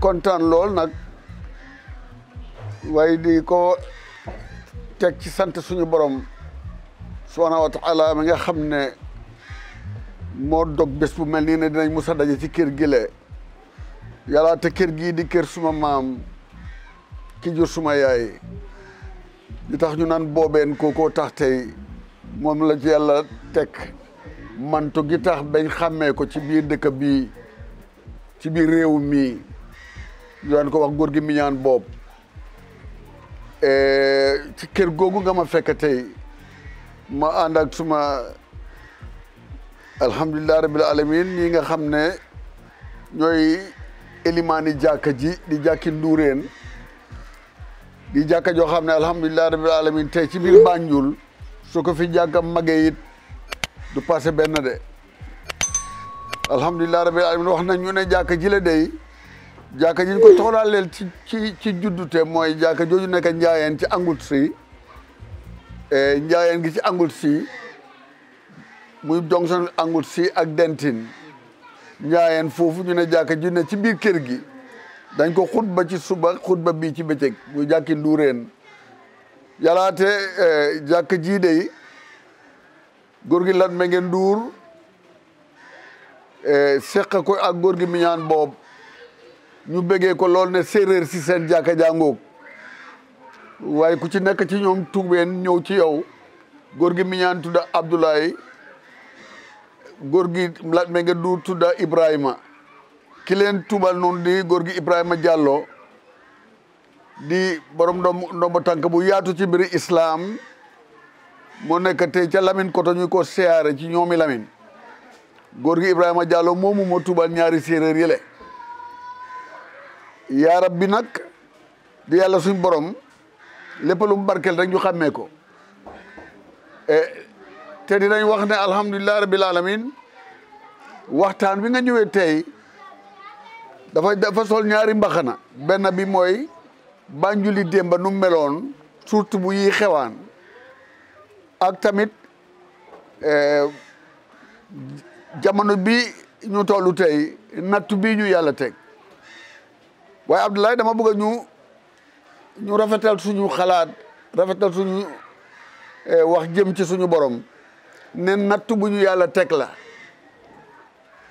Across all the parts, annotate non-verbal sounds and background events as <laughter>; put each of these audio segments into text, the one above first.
kontaan lool nag waaye di ko teg ci sant suñu borom subhaanahu wa taala mi nga xam ne moo dog bés bu mel nii ne dinañ musa daje ci kër gile yàlla te kër gii di kër suma maam ki jur suma yaay li tax ñu naan boobeen ko tax tey moom la ci yàlla teg mantu gi tax bañ xàmmee ko ci biir dëkk bii ci biir réew mi daan ko wax góor gi miñaan boobu ci kër googu nga ma fekk tey ma ànd ak suma alhamdulilah rabil alamin ñi nga xam ne ñooy élimaani ji di jàkki nduureen di jàkka joo xam ne alhamdulilah alamin tey ci biir Banjul su ko fi jàkka magee it du passé benn de alhamdulilah rabil alamin wax nañ ñu ne jàkka ji la dey jàkka ji ñu ko toxalaaleel ci ci ci juddute mooy jàkka jooju nekk njaayeen ci angul si eh, njaayeen gi ci angul si muy jonction angul si ak dentin njaayeen foofu ñu ne jàkka ji ne ci biir kër gi dañ ko xutba ci suba xutba bii ci bëccëg muy jàkki nduureen yalaate eh, jàkka jii dey góor gi lan ma ngeen nduur eh, seq ko ak góor gi miñaan boobu ñu bëggé ko lool né séeréer ci seen jaaka jàngoog waaye ku ci nek ci ñom tuubeen ñew ci yow gor gi miñaan tudda Abdoulaye gor gi lat me nga du tudda Ibrahima ki leen tuubal non di gor gi Ibrahima Diallo di borom ndombo tank bu yaatu ci islam mo nek te ci Lamine Koto ñu ko seyaare ci ñomi Lamine gor gi Ibrahima Diallo momu mo tuubal ñaari yele yaa rabbi nag di yàlla suñ borom lépp lu barkeel rek ñu xàmmee ko e, te dinañ wax ne alhamdulilah rabbil alamin waxtaan bi nga ñëwee tey dafa dafa sol ñaari mbaxana benn bi mooy Banjuli démba nu meloon surtout bu yi xewaan ak tamit e, jamono bi ñu tollu tey nattu bii ñu yàlla teg waaye Abdoulaye dama bëgg ñu ñu rafetal suñu xalaat rafetal suñu eh, wax jëm ci suñu borom ne natt bu ñu yàlla teg la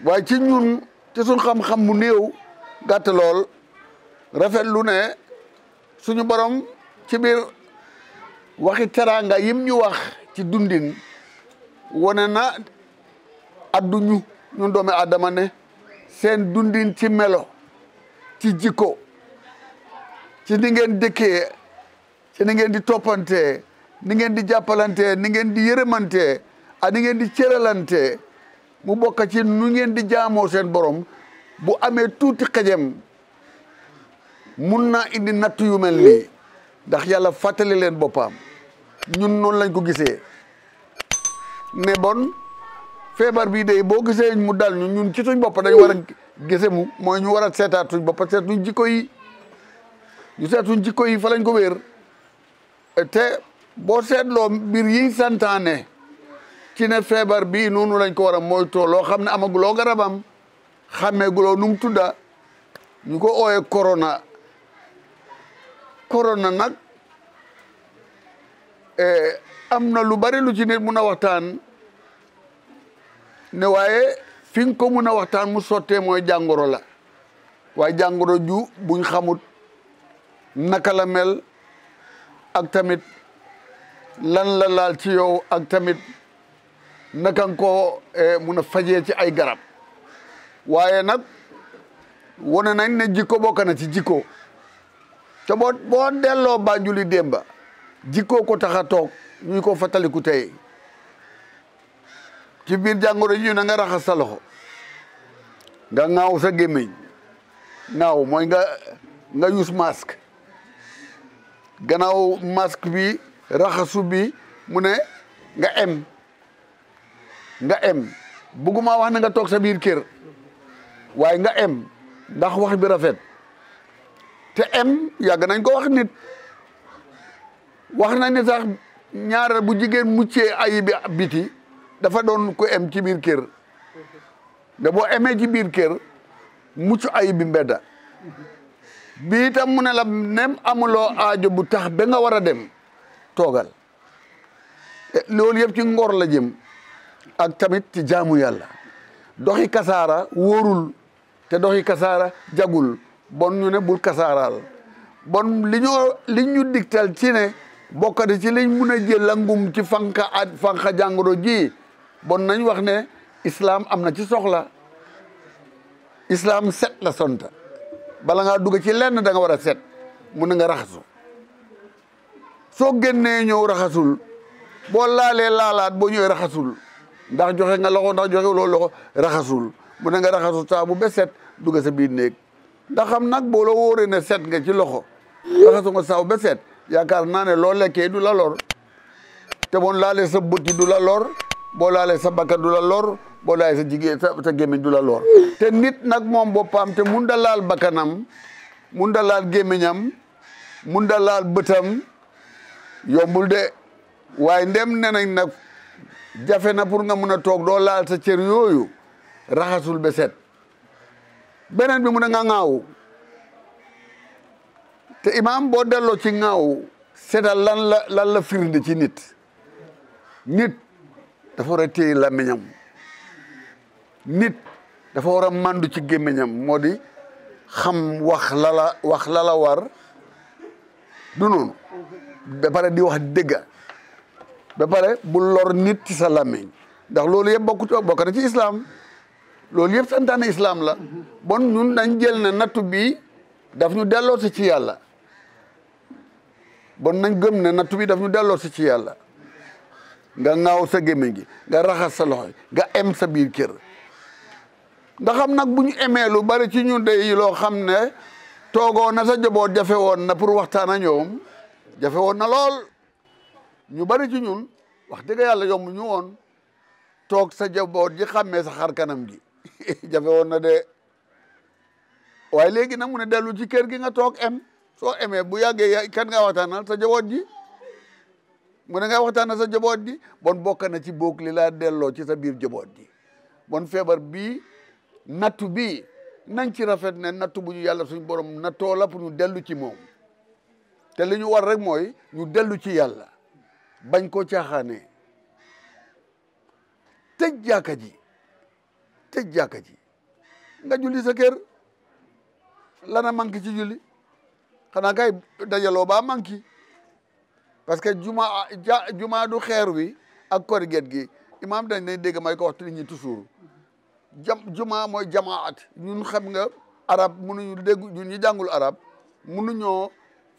waaye ci ñun ci suñu xam-xam mu néew gàtt lool lu ne suñu borom ci biir waxi teraanga yim ñu wax ci dundin wone na adduñu ñun doomi aadama ne seen dundin ci melo ci jikko ci ni ngeen dëkkee ci ni ngeen di toppante ni ngeen di jàppalantee ni ngeen di yërëmantee a ni di cëralantee mu bokk ci nu ngeen di jaamoo seen borom bu amee tuuti xejam mun na indi nattu yu mel nii ndax yàlla fàttali leen boppam ñun noonu lañ ko gisee ne bon feebar bii dey boo gisee mu dal ñu ñun ci suñ bopp dañ war gesemu mooy ñu war a seetaat ba bopp seetuñ jikko yi ñu seetuñ jikko yi fa lañ ko wéer te boo seetloo mbir yi santaane ci ne feebar bii noonu lañ ko war a moytoo loo xam ne amaguloo garabam xàmmeeguloo nu mu tudda ñu ko ooyee corona corona nag e, am na lu bari lu ci nit mun a waxtaan ne waaye fi ko mun a waxtaan mu sottee mooy jàngoro la waaye jàngoro ju buñ xamut naka la mel ak tamit lan la laal ci yow ak tamit nakanko nga eh, mun a fajee ci ay garab waaye nag wone nañ ne jikko bokk na ci jikko te boo boo delloo Banjuli démba jikko ko tax a toog ñuy ko fàttaliku tey ci biir jàngoro ji ñu nga raxas sa loxo nga ŋaaw sa gémmiñ naaw mooy nga nga use masque gannaaw masque bi raxasu bi mu ne nga em nga em bugguma wax ne nga toog sa biir kër waaye nga em ndax wax bi rafet te em yàgg nañ ko wax nit wax nañ ne sax ñaareel bu jigéen muccee ayi biti dafa doon ku em ci biir kër da boo emee ci biir kër mucc ayib bi mbedda bii itam mu ne la nem amuloo aajo bu tax be nga war a dem toogal e, loolu yëpp ci ngor la jëm ak tamit ci jaamu yàlla doxi kasara wóorul te doxi kasara jagul bon ñu ne bul kasaaraal bon li ñoo li ñu digtal ci ne bokkati ci liñ mun a jël langum ci fanka fanka jàngoro ji bon nañ wax ne islam am na ci soxla islam set la sonta bala ngaa dugg ci lenn danga war a set mun na nga raxasu soo génnee ñëw raxasul boo laalee laalaat boo ñëwee raxasul ndax joxe nga loxo ndax joxe loolu loxo raxasul mu na nga raxasu saabu ba set dugg sa biir néeg ndax xam nag boo la ne set nga ci loxo raxasu nga saabu ba set yaakaar naa ne loo lekkee du la lor te bon laalee sa bët yi du la lor boo laalee sa bakkan du la lor boo laalee sa jigéen sa sa gémmiñ du la lor te nit nag moom boppam te mun da laal bakkanam mun dalaal laal gémmiñam mun dalaal bëtam yombul de waaye ndem ne na nag jafe na pour nga mun a toog doo laal sa cër yooyu raxasul ba set beneen bi mun a nga ŋaawu te imaam boo delloo ci ŋaawu setal lan la ci nit nit dafa wara a téye làmmiñam nit dafa wara mandu ci gémmiñam moo xam wax lala wax lala war du noonu ba pare di wax dëgga ba pare bu lor nit ci sa ndax loolu yëpp bokku bokk na ci islam loolu yëpp santaane islam la bon ñun dañ jël na nattu bi daf ñu delloo si ci yàlla bon nañ gëm ne nattu bi daf ñu delloo si ci yàlla nga ngaaw sa gémmiñ gi nga raxas sa loxoy nga em sa biir kër nga xam nag bu ñu emee lu bari ci ñun day loo xam ne toogoo na sa njaboot jafe woon na pour waxtaan ak ñoom jafe woon na lool ñu bari ci ñun wax dëgg yàlla yomb ñu woon toog sa njaboot ji xàmmee sa xar kanam gi <laughs> jafe woon na de waaye léegi nag mu ne dellu ci kër gi nga toog em soo emee bu yàggee ya-, kan nga waxtaanal sa njaboot ji mu ne nga waxtaan na sa njaboot ji bon bokk na ci boog li laa delloo ci sa biir njaboot ji bon feebar bii nattu bii nañ ci rafet ne nattu bu ñu yàlla suñ borom nattoo la pour ñu dellu ci moom te li ñu war rek mooy ñu dellu ci yàlla bañ ko caaxaanee tëj jàkka ji tëj jàkka ji nga julli sa kër lana manqué ci julli xanaa kay dajaloo baa manqué parce que juma ja juma du xeer wi ak korget gi imaam dañ nañ dégg may ko wax nit ñi toujours jam juma mooy jamaat ñun xam nga arab mënuñu dégg ñun ñu jàngul arab mënuñoo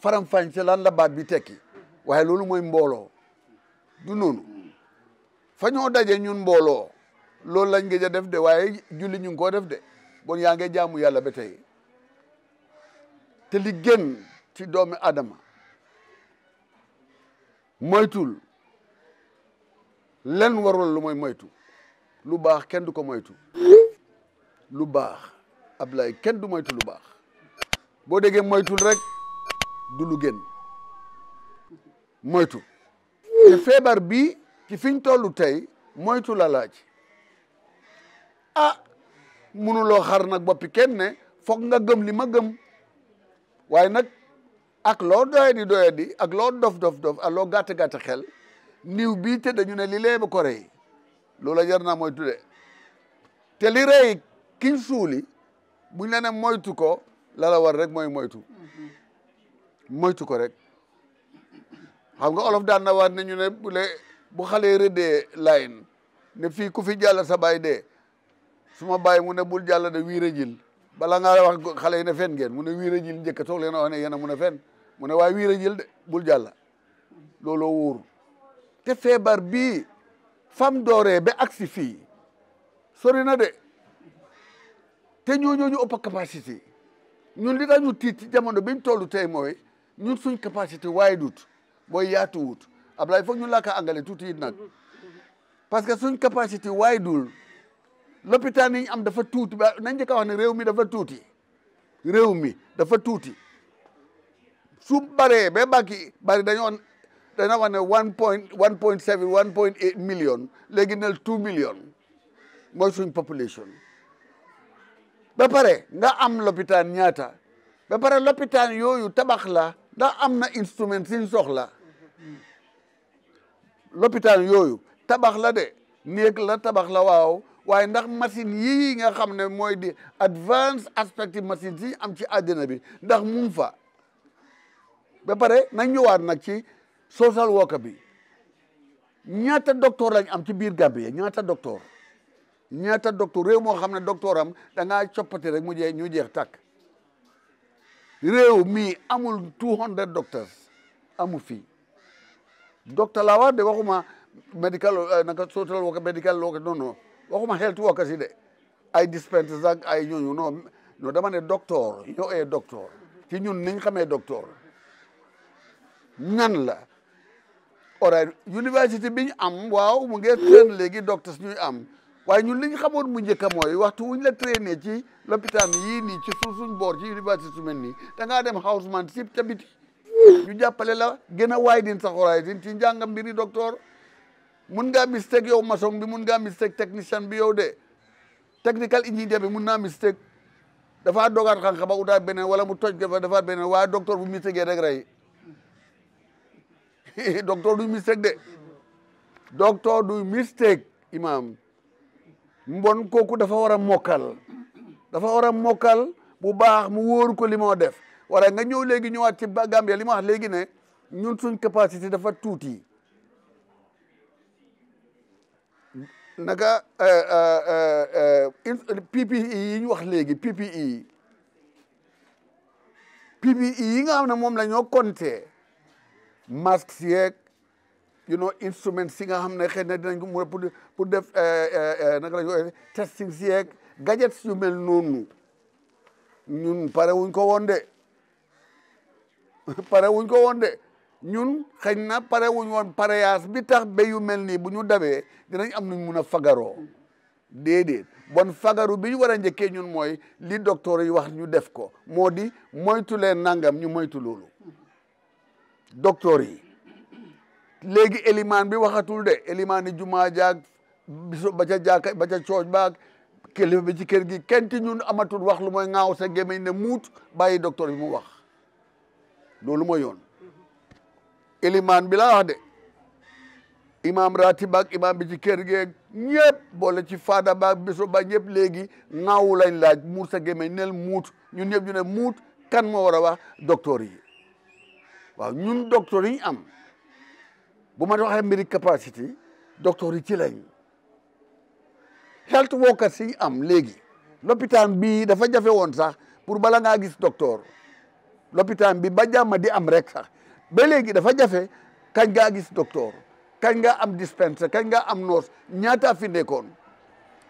faram-fàcce lan la bi tekki waaye loolu mooy mbooloo du noonu fa ñoo daje ñun mbooloo loolu lañ gëj a def de waaye julli ñu ngi def de bon yaa ngi jaamu yàlla ba tey te li gën ci doomi Adama. moytul lenn warul lu moy moytu lu baax kenn du ko moytu lu baax Ablaye kenn du moytu lu baax boo degee moytul rek du lu génn moytu feebar bi ci fiñ toll tey moytu la laaj ah munuloo xar nag boppi kenn ne foog nga gëm li ma gëm waaye nag ak loo doye di doye di ak loo dof dof dof ak loo gàtt gàtt xel niw bii te dañu ne li lee ba ko rey loola jar naa moytu de te li rey kiñ suuli buñ la ne moytu ko la war rek mooy moytu mm-hmm. moytu ko rek xam nga olof daan na waat ne ñu ne bu le bu xalee rëddee line ne fii ku fi jàll sa baay dee su ma bàyyi mu ne bul jàll de wiira jil bala ngaa wax xale yi ne fen ngeen mu ne wiira jil njëkk toog leen wax ne yéen a mun a fen mu ne waaye wiir a jël bul jàlla looloo wóor te feebar bii fam dooree ba agsi fii sori na de te ñooñoo ñu ëpp capacité ñun li dañu tiit ci jamono biñ toll tey mooy ñun suñ capacité waaye dut booy yaatu wut Ablaye foog ñu laaka angale tuuti it nag parce que suñ capacité waaye dul lopitaan yi am dafa tuuti ba nañ njëkk a ne réew mi dafa tuuti réew mi dafa tuuti su baree ba bàkki bari dañoo dana wax ne one point one million léegi nel two million mooy suñ population ba pare nga am lopitaan ñaata ba pare lopitaan yooyu tabax la ndax am na instrument siñ soxla lopitaan yooyu tabax la de néeg la tabax la waaw waaye ndax machine yi nga xam ne mooy di advanced aspective machine si am ci àddina bi ndax mu fa ba pare nañ ñëwaat nag ci social worker bi ñaata docteur lañ am ci biir Gambie ñaata docteur ñaata docteur réew moo xam ne docteur am da ngaa coppati rek mu jeex ñu jeex tàkk réew mi amul two hundred docteurs amul fii docteur laa wax de waxuma medical euh, naka social worker medical worker non non waxuma health worker si de ay dispensers ak ay ñooñu non non dama ne docteur ñoo ee docteur ci ñun niñ xamee docteur ñan la alright université bi ñu am waaw mu ngi train léegi docteurs ñuy am waaye ñun li ñu xamoon mu njëkk a mooy waxtu wuñ la traîné ci lopitaan yii nii ci suuf suñ boor ci université su mel nii da ngaa dem housemanship ca biti ñu jàppale la gën a waay din sax horizon ci njàngam mbiri docteur mun ngaa mistake yow maçon bi mun ngaa mistake technician bi yow de technical engineer bi mun naa mistake dafa dogaat xam-xam ba utaat beneen wala mu toj dafa defaat beneen waaye docteur bu mistake rek rey <laughs> docteur du mistake de docteur du mistake imam mbon kooku dafa war a mokkal dafa war a mokkal bu baax mu wóor ko li moo def wala nga ñëw léegi ñëwaat ci Gambia li ma wax léegi ne ñun suñ capacité dafa tuuti naka euh, euh, euh, PPE yi ñu wax léegi PPE PPE yi nga xam ne moom la ñoo compté masques yeeg you know instruments si nga xam ne xëy na dinañ ko mun a pour pour def eh, eh, eh, naka la ñu koy testing si yeeg gadgets yu mel noonu ñun pare wuñ ko woon de pare wuñ ko woon de ñun xëy na pare wuñ woon pareyaas bi tax ba yu mel nii bu ñu dabee dinañ am nuñ mun a fagaroo déedéet bon fagaru bi ñu war a njëkkee ñun mooy li docteur yi wax ñu def ko moo di moytu leen nangam ñu moytu loolu docteur yi léegi élimaan bi waxatul de élimaan jumaa jaag bisu ba ca jaaka ba ca cooc baag kilifa bi ci kër gi kenn ñun amatul wax lu mooy ŋaaw sa gémeñ ne muut bàyyi docteur bi mu wax loolu mooy yoon élimaan bi laa wax de imaam ratib ak imaam bi ci kër geeg ñëpp boole ci faada ba biso ba ñëpp léegi ŋaawu lañ laaj muut sa gémeñ nel muut ñun ñëpp ñu ne muut kan moo war a wax docteur yi waaw ñun docteur yi ñu am bu ma waxee mbiri capacité docteur yi ci lañ health workers am léegi lopitaan bi dafa jafe woon sax pour bala ngaa gis doctor lopitaan bi ba jàmm di am rek sax ba léegi dafa jafe kañ ngaa gis docteur kañ nga am dispensaire kañ nga am nurse ñaata fi nekkoon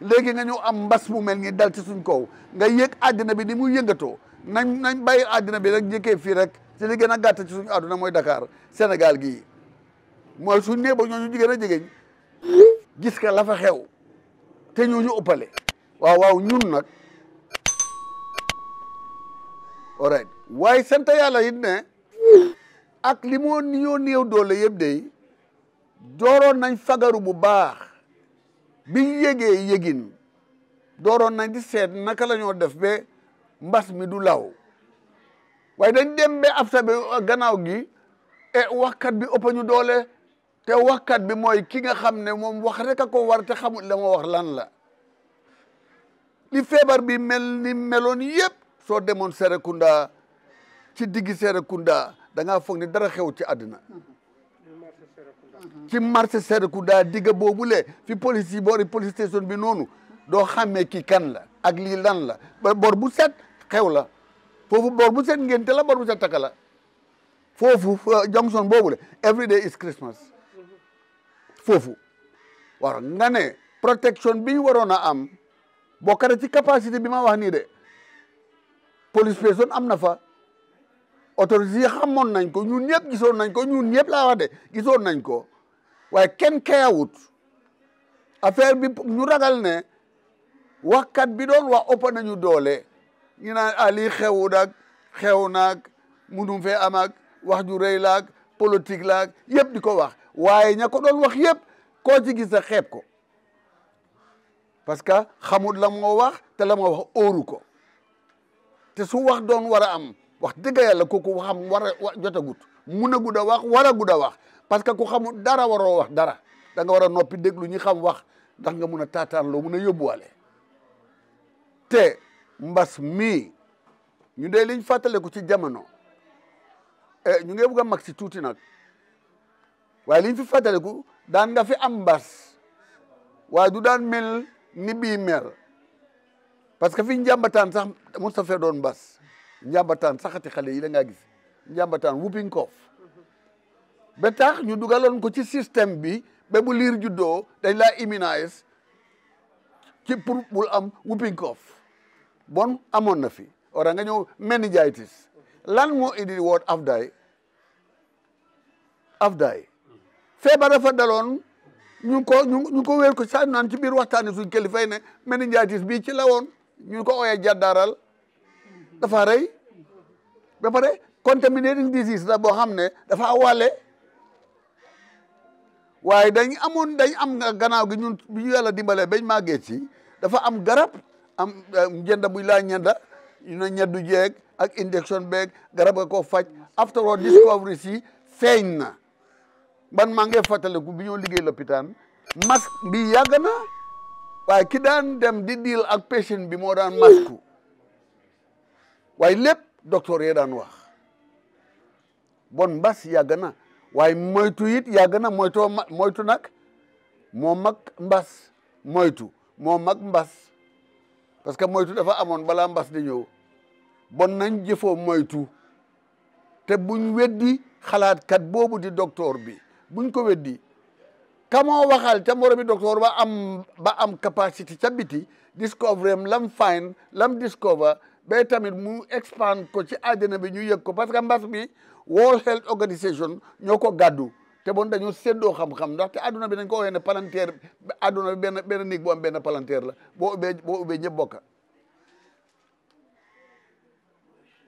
léegi nga ñëw am mbas mu mel ni dal ci suñ kaw nga yëg àddina bi ni mu yëngatoo nañ nañ bay àddina bi rek njëkkee fii rek te li gën a gàtt ci suñu àdduna mooy Dakar senegal gii mooy suñ nee ba ñooñu gën a jigéen gis ka la fa xew te ñooñu ëppale waaw waaw ñun nag alright waaye sant yàlla it ne ak li moo ñoo néew doole yëpp day dooroon nañ fagaru bu baax bi yégee yégin dooroon nañ di seet naka la ñoo def ba mbas mi du law waaye dañ dem ba bi euh, gannaaw gi e waxkat bi ëpp ñu doole te waxkat bi mooy ki nga xam ne moom wax rek ko war te xamul la ma wax lan la li feebar bi mel ni meloon yëpp soo demoon Serekunda ci diggi sere da danga foog ne dara xew ci àddina ci marché Serekunda digga boobule fi police yi boori police station bi noonu doo xam xàmmee kii kan la ak lii lan la ba bor bu set xew la foofu boor bu set ngénte la boor bu set takka la foofu euh, junction boobu le every day is Christmas foofu war nga ne protection bi ñu waroon a am bokkare ci capacité bi ma wax nii de police person am na fa autorités yi xamoon nañ ko ñun ñëpp gisoon nañ ko ñun ñëpp laa wax de gisoon nañ ko waaye kenn kayawut affaire bi ñu ragal ne waxkat bi doon wax ëpp nañu doole ñu naan ah lii xewu nag xew naag munum fee am wax ju rëy laag politique laag yëpp di ko wax waaye ña ko doon wax yëpp koo ci gis a xeeb ko parce que xamul la moo wax te la moo wax óoru ko te su wax doon war a am wax dëgg yàlla kooku xam war a jotagut mun a a wax wara a gud a wax parce que ku xamul dara waroo wax dara da nga war a noppi déglu ñi xam wax ndax nga mun a taataan loo a yóbbuwaale te mbas mii ñu dee liñ fàttaleku ci jamono eh, ñu ngi bugg a mag si tuuti nag waaye liñ fi fàttaleku daan nga fi am mbas waaye du daan mel ni bii mel parce que fi njàmbataan sax mos a doon mbas njàmbataan saxati xale yi da ngaa gis njàmbataan whooping cough ba tax ñu dugaloon ko ci système bi ba bu liir juddoo dañ laa immuniser ci pour bul am whooping cough bon amoon na fi ora nga ñëw meningitis lan moo indi woot afdaay afdaay feebar dafa daloon ñu ko ñu ko wér ko sa naan ci biir waxtaani suñ kilifa yi ne meningitis bii ci lawoon ñu ko ooyee jàddaaral dafa rey ba pare contaminating disease la boo xam ne dafa awale waaye dañ amoon dañ am gannaaw gi ñu bi ñu yàlla dimbalee bañ màggee ci dafa am garab am eh, njënda buy laa ñenda ñu ne ñeddu ak injection beeg garab nga koo faj after all discovery si feeñ na ban maa ngi fàttaliku bi ñoo liggéey lopitaan masque bi yàgg na waaye ki daan dem di deal ak patient bi moo daan masku waaye lépp docteur yee daan wax bon mbas yàgg na waaye moytu it yàgg moytu nag moo mag mbas moytu moo mag mbas parce que moytu dafa amoon balaa mbas di ñëw bon nañ jëfoo moytu te buñ weddi xalaatkat boobu di docteur bi buñ ko weddi kamoo waxal ca moromi docteur ba am ba am capacité ca biti discover am lam find lam discover ba tamit mu expand ko ci àddina bi ñu yëg ko parce que mbas bi World Health Organization ñoo ko gàddu te bon dañoo séddoo xam-xam ndax te adduna bi nañ ko waxee ne palanteer adduna bi benn benn néeg bu am benn palanteer la boo ubbee boo ubbee ñëpp bokka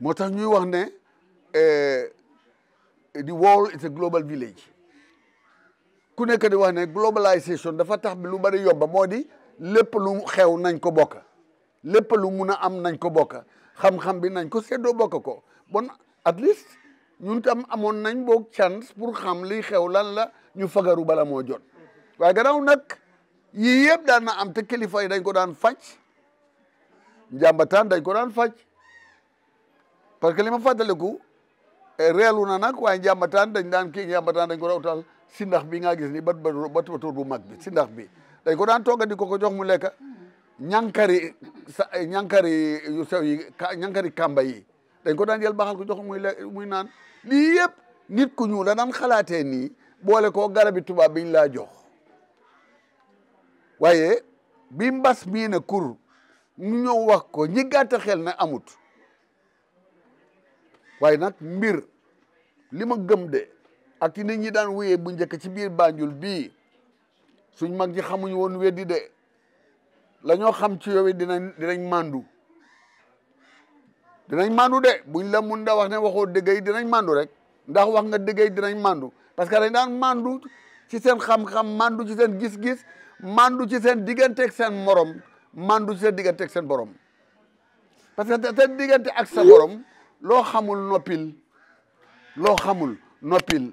moo tax ñuy wax ne eh, the world is a global village ku nekk di wax ne globalisation dafa tax bi lu bari yobba moo di lépp lu xew nañ ko bokk lépp lu mun am nañ ko bokk xam-xam bi nañ ko séddoo bokk ko bon at least ñun tam amoon nañ boog chance pour xam liy xew lan la ñu fagaru bala moo jot waaye gannaaw nag yii yëpp daan na am te kilifa yi dañ ko daan faj njàmbataan dañ ko daan faj parce que li ma fàttaliku eh, reelu na nag waaye njàmbataan dañ daan kii njàmbataan dañ ko daan si ndax bi nga gis ni bat bu mag bi si ndax bi dañ ko daan tooga di ko jox mu lekk ñankari sa eh, ñankari ñankari kamba yi dañ ko daan jël baxal ko jox muy le muy naan lii yëpp nit ku ñuul da daan xalaatee nii boole ko garabi tubaab biñ laa jox waaye bi mbas mii na kur ñu ñëw wax ko ñi gàtt xel na amut waaye nag mbir li ma gëm de ak nit ñi daan wéyee bu njëkk ci biir Banjul bii suñ mag ñi xamuñu woon weddi de la ñoo xam ci yooyu dinañ dinañ màndu dinañ mandu de buñ la mun da wax ne waxoo dëggay dinañ mandu rek ndax wax nga dëggay dinañ mandu parce que dañ dan mandu ci sen xam-xam mandu ci sen gis-gis mandu ci sen digantek sen morom mandu ci sen digantek sen borom parce que sen digante ak sa borom lo xamul nopil lo xamul nopil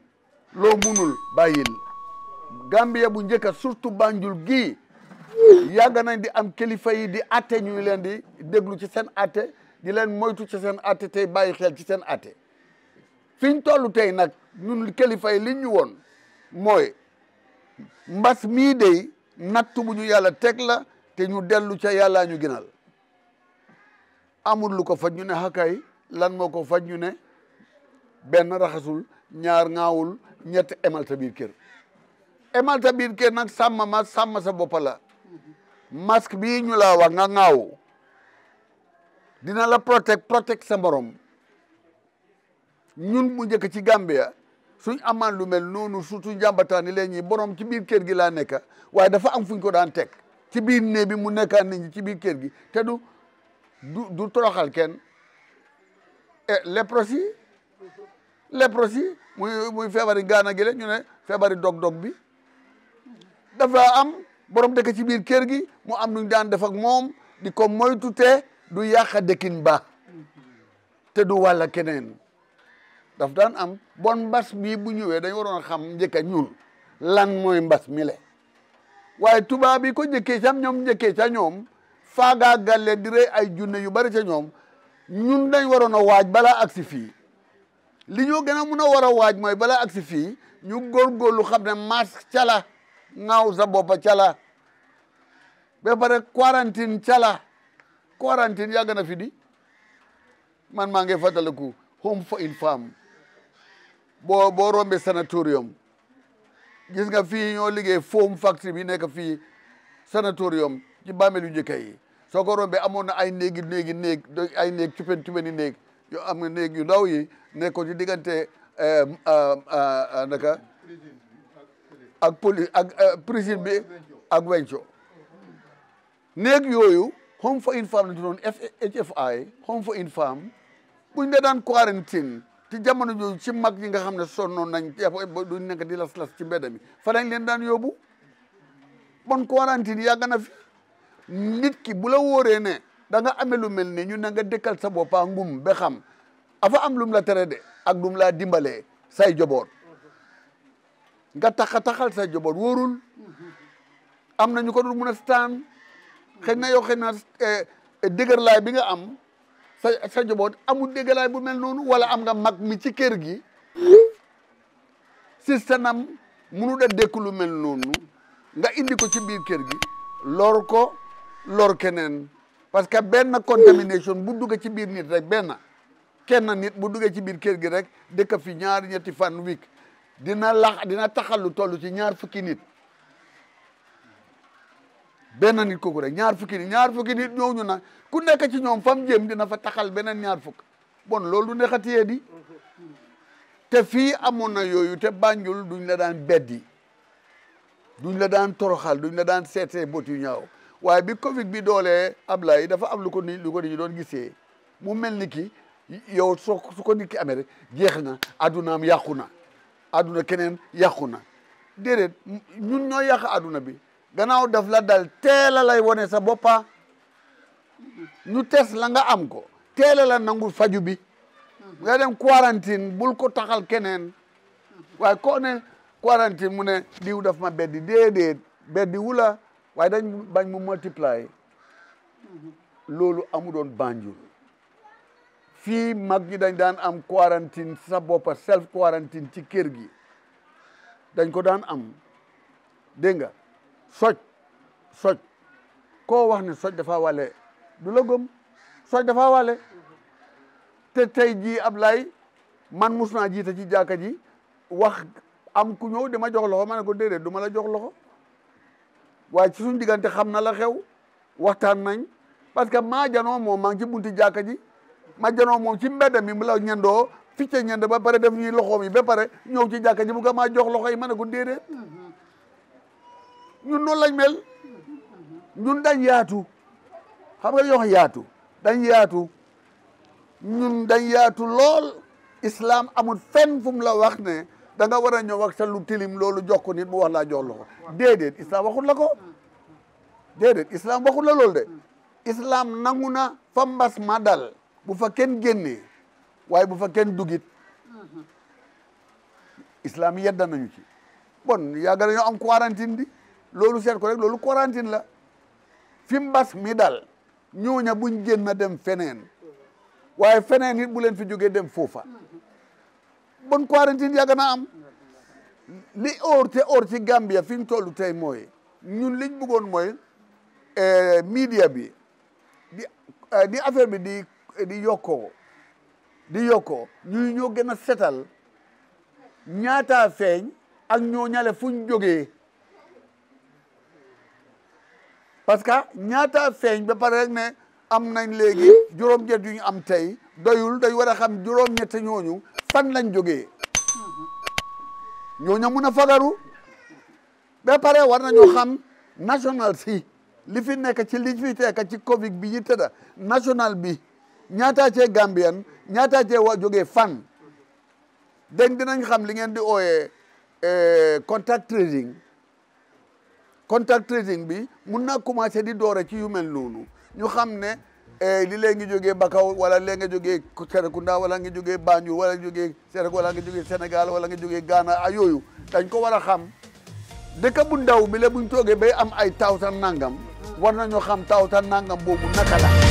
lo munul bayil, Gambia bu njëkka surtout Banjul gi yàgg nañ di am kelifa yi di atté ñuy leen di déglu ci sen atté di moytu ci seen atte tey bàyyi xel ci seen atte fiñ toll tey nag ñun kilifa yi li ñu woon mooy mbas mii day nattu bu ñu yàlla teg la te ñu dellu ca yàlla ñu gënal amul lu ko faj ñu ne xakay lan moo ko faj ñu ne benn raxasul ñaar ŋaawul ñett emal sa biir kër emal sa biir kër nag sàmm ma sàmm sa boppala la masque ñu laa wax nga ŋaawu dina la protect protect sa borom ñun mu njëkk ci Gambia suñ amaan lu mel noonu surtout njàmbataan ni leen ñi borom ci biir kër gi laa nekk waaye dafa am fuñ ko daan teg ci biir néeg bi mu nekkaan nit ñi ci biir kër gi te du du du toroxal kenn eh, leprosi leprosi muy muy feebari ngaana gi le ñu ne feebari dog-dog bi dafa am borom dekk ci biir kër gi mu am nu daan def ak moom di ko moytu te du yàq dëkkin ba te du wàll keneen daf daan am bon mbas bii bu ñëwee dañ waroon xam njëkk a ñun lan mooy mbas mi waaye tubaab bi ko njëkkee ca ñoom njëkkee ca ñoom faagaagal leen di ay junne yu bari sa ñoom ñun dañ waroon a waaj balaa aksi fii li ñoo gën a mun a war a waaj mooy balaa agsi fii ñu góorgóorlu xam ne masque cala ŋaaw sa boppa cala ba pare quarantine cala quarantine yàgg na fi di man maa ngi fàttaliku home for une boo boo rombee sanatorium gis nga fii ñoo liggéey foam factory bi nekk fii sanatorium ci bàmmeel yu njëkk yi soo ko rombee amoon na ay néegi néegi néeg ay néeg cupen cupeni néeg yoo am nga néeg yu ndaw yi nekkoon ci diggante euh, euh, naka ak poli ak euh, ak wenco néeg yooyu home for infirm di doon HFI home for infirm buñ dee daan quarantine ci jamono jooju ci mag yi nga xam ne sonnoon nañ duñ nekk di las las ci mbedd mi fa lañ leen daan yóbbu bon quarantine yàgg na fi ki bu la wóoree ne da nga lu mel ni ñu ne nga dëkkal sa boppa ngum ba xam afa am lum la tere de ak lum laa dimbale say joboot nga taxa taxal say joboot wóorul am na ñu ko dul mun a staan xëy na yow xëy na eh, eh, dëgërlaay bi nga am sa sa njaboot amul dëgërlaay bu mel noonu wala am nga mag mi ci kër gi sistanam munu da dékk lu mel noonu nga indi ko ci biir kër gi lor ko lor keneen parce que benn contamination bu dugg ci biir nit rek benn kenn nit bu duggee ci biir kër gi rek dëkk fi ñaar ñetti fan week dina lax dina taxal lu toll ci ñaar fukki nit benn nit kooku rek ñaar fukki nit ñaar fukki nit ñooñu nag ku nekk ci ñoom fam jëm dina fa taxal beneen ñaar fukk bon loolu neexatiyee di te fii amoon na yooyu te Banjul duñ la daan beddi duñ la daan toroxal duñ la daan seetee boot yu ñaaw waaye bi Covid bi doolee Ablaye dafa am lu ko ni lu doon gisee mu mel ni ki yow soo su ko nit ki amee rek jeex na adunaam yàqu na aduna keneen yàqu na déedéet ñun ñoo yàq aduna bi gannaaw daf la dal teela lay wone sa boppa ñu tes la nga am ko teela la nangu faju bi nga dem quarantine bul ko taxal keneen waaye ko ne quarantine mu ne diw daf ma beddi déedéet beddi wula waaye dañ bañ mu multiplier loolu amu doon Banjul fii mag ñi dañ daan am quarantine sa boppa self quarantine ci kër gi dañ ko daan am dégg soj soj koo wax ni soj dafa wàlle du la gëm soj dafa wàlle te tey jii Ablaye man mus naa jiite ci jàkka ji wax am ku ñëw ma jox loxo ma ne ko déedéet du ma la jox loxo waaye ci suñ diggante xam na la xew waxtaan nañ parce que maa janoo moom maa ngi ci bunti jàkka ji ma janoo moom ci mbedd mi mu la ñendoo ficce ñend ba pare def ñuy loxoom yi ba pare ñëw ci jàkka ji bu ko maa jox loxo yi ma ne ku déedéet ñun noonu lañ mel ñun dañ yaatu xam nga dañuy yaatu dañ yaatu ñun dañ yaatu lool islaam amul fenn fum mu la wax ne da nga war a ñëw ak sa lu tilim loolu jox ko nit mu wax laa jox la ko déedéet waxul la ko déedéet islam la loolu de islam nangu na fa mbas madal bu fa kenn génnee waaye bu fa kenn dugit islam yedda nañu ci bon yàgg nañoo am quarantine di loolu seet ko rek loolu quarantine la fi mbas mi dal ñooña buñ génn na dem feneen waaye feneen bu leen fi jógee dem foofa bon quarantine yàgg na am li óor te óor ci Gambia fi ñu toll tey mooy ñun liñ bëggoon mooy eh, media bi di eh, di affaire bi di di yokkoo di yokkoo ñuy ñoo gën a setal ñaata seeñ ak ñoo ñale fuñ jógee parce que ñaata feeñ ba pare rek ne am nañ léegi juróom-ñett yu ñu am tey doyul day war a xam juróom-ñett ñooñu fan lañ jógee ñooñu mun a fagaru ba pare war nañoo xam national si li fi nekk ci li fi nekk ci Covid bi ñu tëdda national bi ñaataa cee Gambien ñaataa cee waa jógee fan dañ dinañ xam li ngeen di ooyee eh, contact tracing contact tracing bi mun naa commencé di doore ci yu mel noonu ñu xam ne eh, li lee ngi jógee Bakaw wala lee nga jógee Serekunda wala nga jógee Banjul wala nga jógee Serek wala nga jógee Sénégal wala nga jógee Ghana a yooyu dañ ko war a xam dëkk bu ndaw bi bu buñ toogee bay am ay tawtan nangam war na nañoo xam tawtan nangam boobu na la